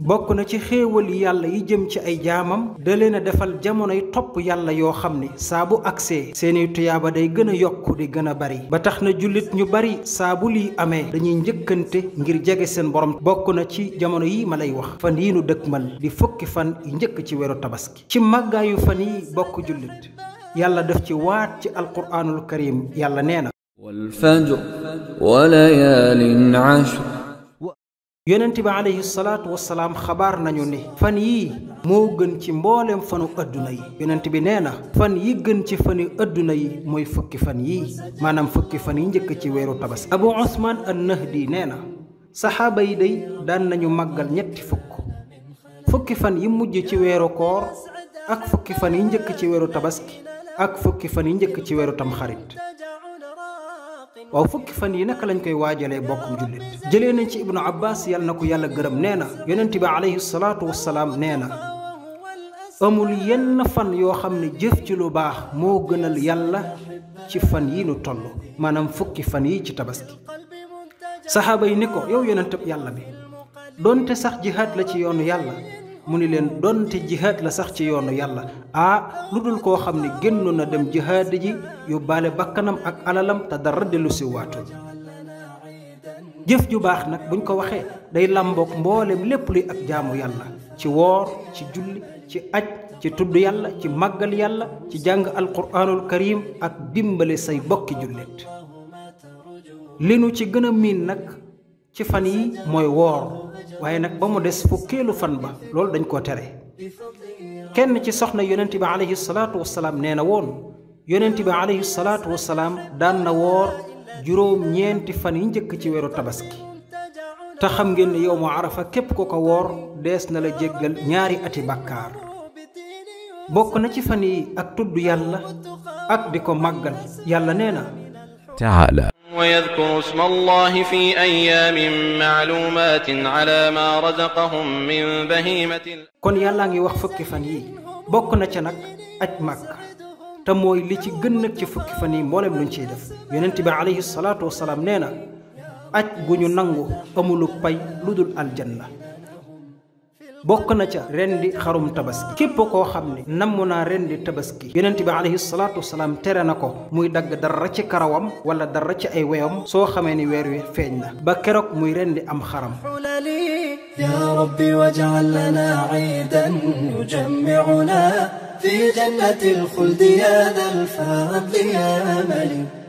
bokk na ci xéewal yàlla yi jëm ci ay jaamam da leen a defal jamonoy topp yàlla yoo xam ne saabu agsee seeni tuyaaba day gën a yokk di gën a bari ba tax na jullit ñu bari saabu bu amee dañuy njëkkante ngir jege seen borom bokk na ci jamono yi ma lay wax fan yi nu man di fukki fan yi njëkk ci weru tabaski ci màggaayu fan yi bokk jullit yàlla def ci waat ci alquraanul karim yàlla nee na yonent bi aleyhi salaatu wasalaam xabaar nañu ni fan yii moo gën ci mbooleem fanu adduna yi yonent bi nee na fan yi gën ci fani adduna yi mooy fukki fan yii maanaam fukki fan yi njëkk ci weeru tabas abu usmaan an nahdi nee na saxaaba yi day daan nañu màggal ñetti fukk fukki fan yi mujj ci weeru koor ak fukki fan yi njëkk ci weeru tabaski ak fukki fan yi njëkk ci weeru tamxarit waaw fukki fan yi naka lañ koy waajalee bokkum jullit jëlee nañ ci ibnu abbas yàlla na ko yàlla gërëm nee na yonent bi alayhi salaatu wasalaam nee na amul yenn fan yoo xam ne jëf ci lu baax moo gënal yàlla ci fan yi nu toll maanaam fukki fan yi ci tabaski saxaaba yi ni ko yow yonentab yàlla bi doonte sax jihaad la ci yoonu yàlla mu ni leen donte jihaad la sax ci yoonu yàlla ah lu dul koo xam ni génn na dem jihaad ji yóbbaale kanam ak alalam te dara dellusi si jëf ju baax nag buñ ko waxee day làmboog mboolem lépp luy ak jaamu yàlla ci woor ci julli ci aj ci tudd yàlla ci màggal yàlla ci jàng alquraanul karim ak dimbali say bokki jullit li nu ci gën a miin nag ci fan yi mooy woor waaye nag ba mu des fukkeelu fan ba loolu dañ koo tere kenn ci soxna yonent bi alayhi salaatu wasalaam nee na woon yonent bi alayhi salaatu wasalaam daan na woor juróom ñeenti fan yi njëkk ci weru tabaski te xam ngeen ne yow mu arafa képp ko ko woor dees na la jéggal ñaari ati bàkkaar bokk na ci fan yi ak tudd yàlla ak di ko màggal yàlla nee na taala ويذكر اسم الله في أيام kon yàllaa ngi wax fukki fan yi bokk na ca nag aj Makka te mooy li ci gën ci fukki fan yi mboolem luñ ciy def yonent bi alayhi salaatu wasalaam nee na aj gu ñu nangu amulu pay lu dul aljanna bokk na ca rendi xarum tabaski képp koo xam ne namm naa rendi tabaski yonent bi alayhi solaatu salaam tere na ko muy dagg dara ci karawam wala dara ci ay weyam soo xamee ni weer wi feeñ na ba keroog muy rendi am xaram يا ربي واجعل لنا عيدا يجمعنا في جنة الخلد يا ذا الفضل يا ملك